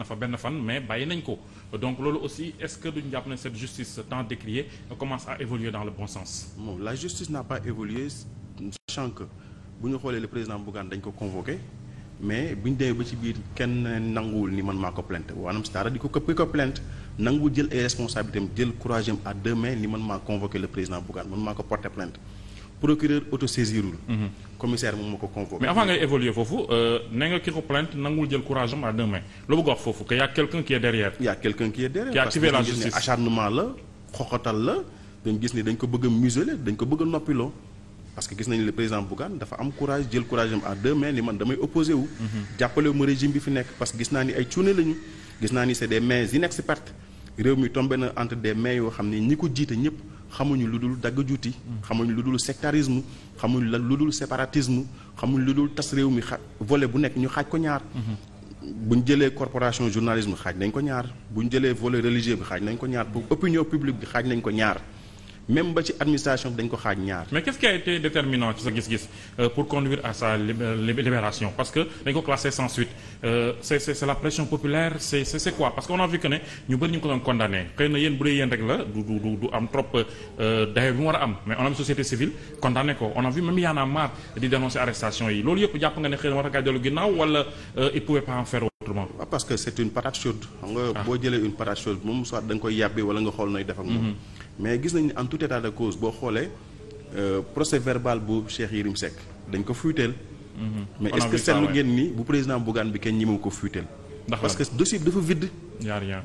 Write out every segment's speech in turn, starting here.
na fa benn fan mais bàyyi nañ ko donc loolu aussi est-ce que duñ jàpp ne cette justice tant décriée commence à évoluer dans le bon sens. bon la justice n'a pas évolué sachant bu ñu xoolee le président Bougane dañ ko convoqué mais bu ñu demee ba ci biir kenn nanguwul ni man maa ko plainte waanaam si dara di ko këpp ko plainte nanguwul jël ay responsabilités am jël courage am à deux mains ni man maa convoqué le président Bougane man maa ko porté plainte. procureur autosaisirul mhm. commissaire moom moo ko convoqué. mais avant ngay évoluer foofu euh, ne nga ki ko plainte nangul jël courage à deux mains lu bëgg a wax foofu que y' a quelqu' un qui est derrière. y' a quelqu' un a activé la justice parce que dañu gis acharnement la xoxatal la dañu gis ne dañ ko bëgg a dañ ko bëgg noppiloo parce que gis nañu le président Bougane dafa am courage jël courage à deux mains li man damay opposé wu. Mhm. jàppale régime bi fi nekk parce gis naa ni ay cuune naa ni c' est des mains inexpertes réew yoo xam ne ñi ko jiite ñëpp xamuñu lu dul dagg juuti. xamuñu lu dul sectarisme xamuñu lu dul séparatisme xamuñu lu dul tas réew mi xa volet bu nekk ñu xaaj ko ñaar. bu ñu jëlee corporation journalisme xaaj nañ ko ñaar bu ñu jëlee volet religieux bi xaaj nañ ko ñaar bu opinion publique bi xaaj nañ ko ñaar. même ba ci administration bi dañ ko xaaj ñaar. mais qu'est-ce qui a déterminant ci sa gis-gis euh, pour conduire à sa euh, libération parce que dañ ko classé sans euh, c'est c'est la pression populaire c'est c'est quoi parce que on a vu que ne ñu bëri ñu ko doon condamné xëy na yéen bu dee yéen rek la du du du am trop dayo bi mu war a am mais on a vu société civile condamné ko on a vu même Y en a di dénoncer arrestation yi loolu yëpp jàpp nga ne xëy na war a gàddalu ginnaaw wala il mais gis nañ ne en tout état de cause boo xoolee euh, procès verbal bu Cheikh Yérim Seck dañ ko fuiteel mhm. mais est-ce que seetlu ngeen ni bu président Bougane bi kenn ñi ko fuiteel parce que dossier bi dafa vide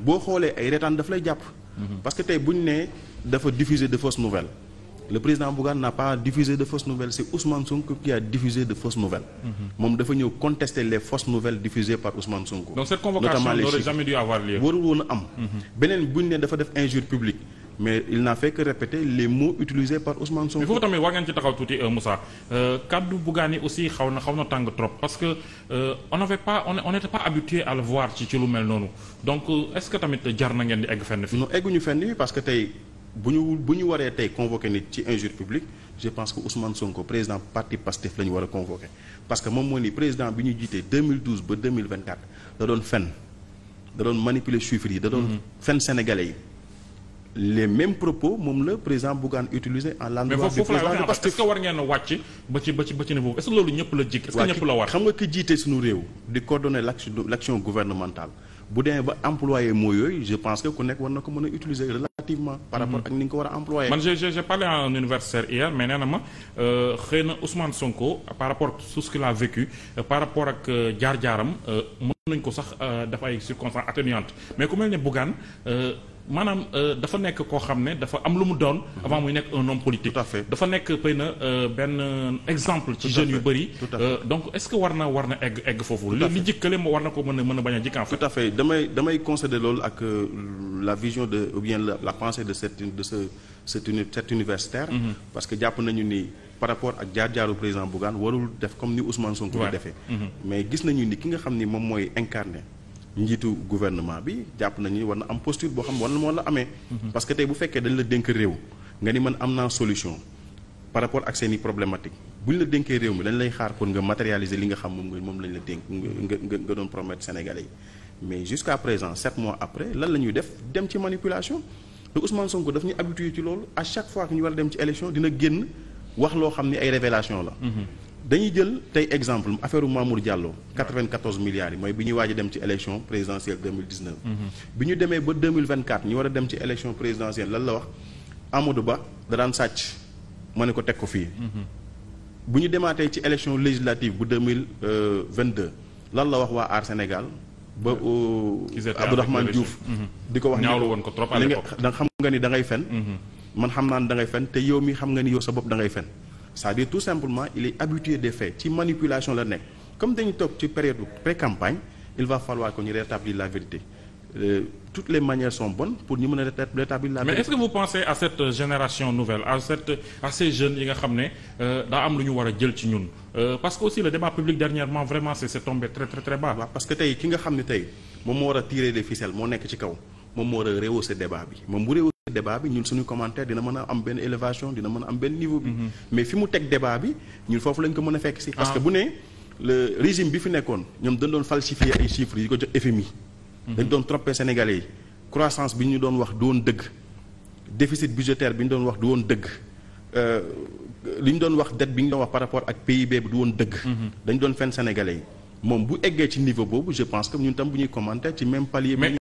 boo xoolee ay reetaan daf lay jàpp mhm. parce que tey bu ñu nee dafa diffuser de fausses nouvelles le président Bougane n'a pas de fausses nouvelles c'est Ousmane Sonko qui a diffusé de fausses nouvelles. Mhm. moom dafa ñëw contester les fausses nouvelles diffusées par Ousmane Sonko. donc cette convocation n'aurait jamais dû avoir lieu. warul mais il n'a fait que répéter les mots utilisés par Ousmane Sonko. mais foofu tamit war ngeen ci taxaw tuuti euh, Moussa euh, kaddu Bougane aussi xaw na xaw na tàng trop parce que euh, on n'avait pas on n'était pas habitué à le voir ci ci lu mel noonu donc est-ce que tamit jar na ngeen di egg fenn fi. parce que tey bu ñu bu ñu waree tey convoqué nit ci injure publique je pense que Ousmane Sonko président parti Pastef la ñu war a convoqué parce que moom moo ni président bi ñu jiitee 2012 ba 2024 da doon fen da doon manipuler chiffres yi da doon mhm. fen yi. les mêmes propos moom la président Bougane utilisé en l'endroit du président de Pastef est ngeen wàcc ba ci ba ci ba loolu ñëpp la jik est-ce la war xam nga ki suñu réew di coordonner l'action gouvernementale bu demee ba employé moo yooyu je pense que nekk war na ko mën a utiliser relativement par rapport ak ni nga ko war a employé man j'ai j'ai parlé à universitaire hier mais nee ma euh, xëy na Ousmane Sonko par rapport tout ce qu'il vécu euh, par euh, jaar-jaaram mën nañ ko sax def maanaam euh, dafa nekk koo xam ne dafa am lu mu doon mhm. avant muy nekk un homme politique dafa nekk pëy na euh, benn euh, exemple ci jeunes yu bari donc est-ce que war na war na egg egg foofu li jikkale war na ko mën a mën a bañ a jikk en fait tout à fait damay damay concéder loolu ak la vision de ou bien la pensée de cette de ce cet cet universitaire mhm. parce que jàpp nañu ni par rapport ak jaar-jaaru président Bougane warul def comme ni Ousmane Sonko ko defee mhm. mais gis nañu ni ki nga xam ni moom mooy incarné njiitu gouvernement bi jàpp nañu war na am posture boo xam war na moo la amee. Mhm. parce que tey bu fekkee dañ la dénk réew nga ni man am naa solution par rapport ak seen i problématique bu ñu la dénkee réew mi dañ lay xaar kon nga matérialiser li nga xam moom nga moom lañ la dénk nga nga nga doon promettre Sénégalais mais jusqu'à présent sept mois après lan la ñuy def dem ci manipulation te Ousmane Sonko daf ñu habitué ci loolu a chaque fois que ñu war a dem ci élection dina génn wax loo xam ni ay révélation la. Mhm. dañuy jël tey exemple affaire Mamour Diallo 94 milliards yi mooy bi ñuy waaj dem ci élection présidentielle mhm. bi ñu demee ba ñu war a dem ci élection présidentielle lan la wax Amadou Ba da daan sàcc ma ne ko teg ko fii. Mhm. bu ñu demaatee ci élection législative bu 2022 la wax waa Aar Sénégal ba Abdourahmane Diouf. Mhm. di ko wax ko trop à l'époque da xam nga ni da ngay fen man xam naa ne da fen te yow mi xam nga ni yow sa bopp da ngay fen ca à dire tout simplement il est habitué des faits ci manipulation la nekk comme dañu toog ci période pré-campagne il va falloir que ñu rétablir la vérité euh, toutes les manières sont bonnes pour ñu mën a rétablir la vérité. mais est-ce que vous pensez à cette génération nouvelle à cette à ces yi nga xam ne euh, daa am lu ñu war jël ci ñun euh, parce que aussi le débat public dernièrement vraiment c'est c'est très très très parce que tey ki nga xam ne tey moom moo débat bi ñun suñu commentaire dina mën a am benn élévation dina mën a am benn niveau bi mhm. mais fi mu teg débat bi ñun foofu lañ ko mën a fekk si parce ah. que bu ne régime bi fi nekkoon ñoom dañ doon falsifier ay chiffres yi ko jox FMI mhm. dañ doon tromper sénégalais yi croissance bi ñu doon wax du woon dëgg déficit budgétaire bi ñu doon wax du woon dëgg euh, li ñu doon wax dette bi ñu doon wax par rapport ak PIB bi du woon dëgg mhm. dañ doon fenn sénégalais yi moom bu eggee ci niveau boobu je pense que ñun tam bu ñuy commenter ci même